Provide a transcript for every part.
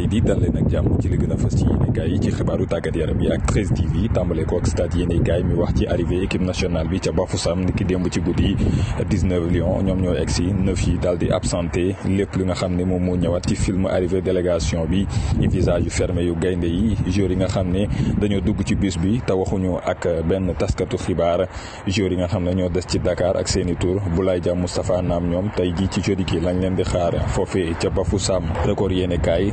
yi di dal leen ak ci li gëna fess fës ci yéenekaay yi ci xibaaru tagat yaram yi ak 13 TV tàmbale ko ak stade yéenekaay mi wax ci arrivé équipe nationale bi ci Bafoussam ni ki démb ci goudi 19 Lions ñom ñoo exi 9 yi daal di absenté lepp li nga xamné ne mo ñëwaat ci film arrivé délégation bi visage yu fermé yu gaynde yi joueurs yi nga xamné ne dañoo dugg ci bus bi te waxuñu ak benn taskatu xibaar joueurs yi nga xamné ñoo dess ci Dakar ak seeni tour Boulaye Dia Mustapha Naam ñom tay ji ci jeudi gi lañ leen di xaar ci ca Bafoussam record yéenekaay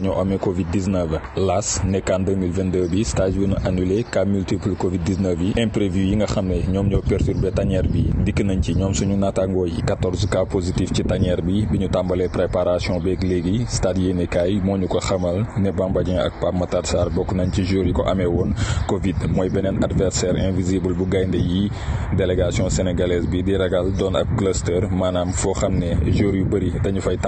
dañoo amé Covid 19. las en 2022 bi stage annulé cas multiple Covid 19 imprévu yi nga xam ñom ñoo perturber tanière bi dik nañ ci ñom suñu yi 14 cas positif ci tanière bi biñu tambalé préparation beeg léegi stade yéene kaay moo ñu ko xamal ne Bamba Dieng ak Pape Matar sar bokku nañ ci jour yi ko amé woon Covid moy adversaire invisible bu gaynde yi délégation sénégalaise bi di ragal don ab cluster Manam fo xamné jour yu bari dañu fay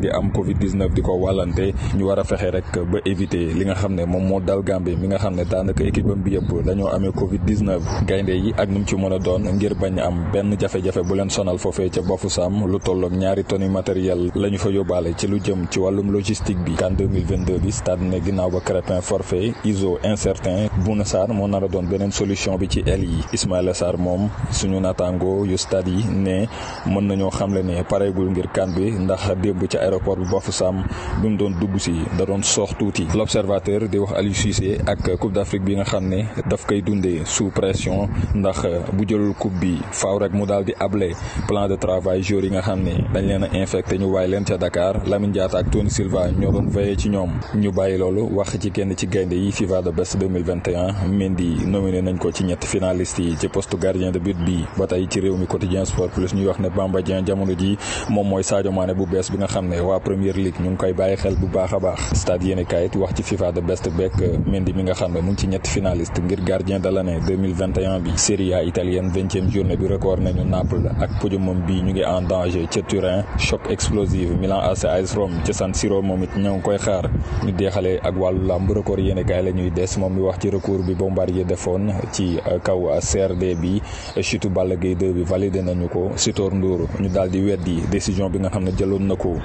di am Covid 19 diko walanté a fexe rek ba éviter li nga xam ne moom moo dal gambe mi nga xam ne daanaka équipe am bi yëpp dañoo amee Covid 19 gaynde yi ak nu ci mën a doon ngir bañ am benn jafe-jafe bu leen sonal foofee ca Bafoussam lu tolloog ñaari tonnes matériel la ñu fa yóbbaale ci lu jëm ci wàllum logistique bi kan 2022 bi stade ne ginnaaw ba Crépin forfait iso incertain Bouna Sarr moo nar a doon beneen solution bi ci el yi Ismaïla moom suñu naataango yu stade yi ne mën nañoo xamle ne pareegul ngir kan bi ndax démb ci aéroport bu Bafoussam mu doon dugg si da doon soox tuuti l' observateur di wax Aliou Cissé ak Coupe d' Afrique bi nga xam ne daf koy dundee sous pression ndax bu jëlul coupe bi faaw rek mu daal di able plan de travail joueurs yi nga xam ne dañ leen a infecté ñu bàyyi leen ca Dakar Lamine Diatta ak Tony Silva ñoo doon veillé ci ñoom ñu bàyyi loolu wax ci kenn ci gaynde yi FIFA The Best 2021 Mendy nominé nañ ko ci ñetti finaliste yi ci poste gardien de but bi ba tey ci réew mi quotidien sport plus ñuy wax ne Bamba Dieng jamono ji moom mooy Sadio Mané bu bees bi nga xam ne waa Premier League ñu ngi koy bàyyi xel bu baax a baax baax stade yéen kayit wax ci FIFA de best beeg euh, Mendy mi nga xam ne mu ngi ci ñetti finaliste ngir gardien de l'année 2021 bi Serie A journée bi record nañu Naples ak podium bi ñu ngi en danger ca Turin choc explosive Milan AC AS Rome ca San moom it ñoo koy xaar ñu deexale ak wàllu làmb record yéen kaay des moom mi wax ci recours bi Bombardier defoon ci euh, kaw CRD bi chute Balla Gaye 2 bi validé nañu ko Sitor Ndour ñu daal weddi décision bi nga xam ne jëloon na ko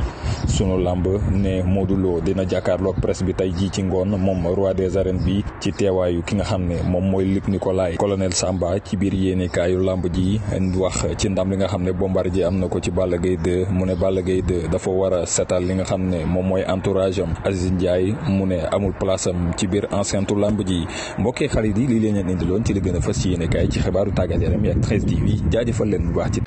sunu làmb jàkkaarloog presse bi tey jii ci ngoon moom roi des arènes bi ci teewaayu ki nga xam ne moom mooy Luc Nicolaï colonel Samba ci biir yéenekaayu làmb ji wax ci ndam li nga xam ne ji am na ko ci Balla Gaye 2 mu ne Balla Gaye 2 dafa war a setal li nga xam ne moom mooy entourage am Aziz Ndiaye mu ne amul place ci biir enceinte làmb ji mbokkee xarit yi lii leen indiloon ci li gën a fas ci xibaaru tàggat yaram yi ak 13 TV jaajëfal leen bu baax ci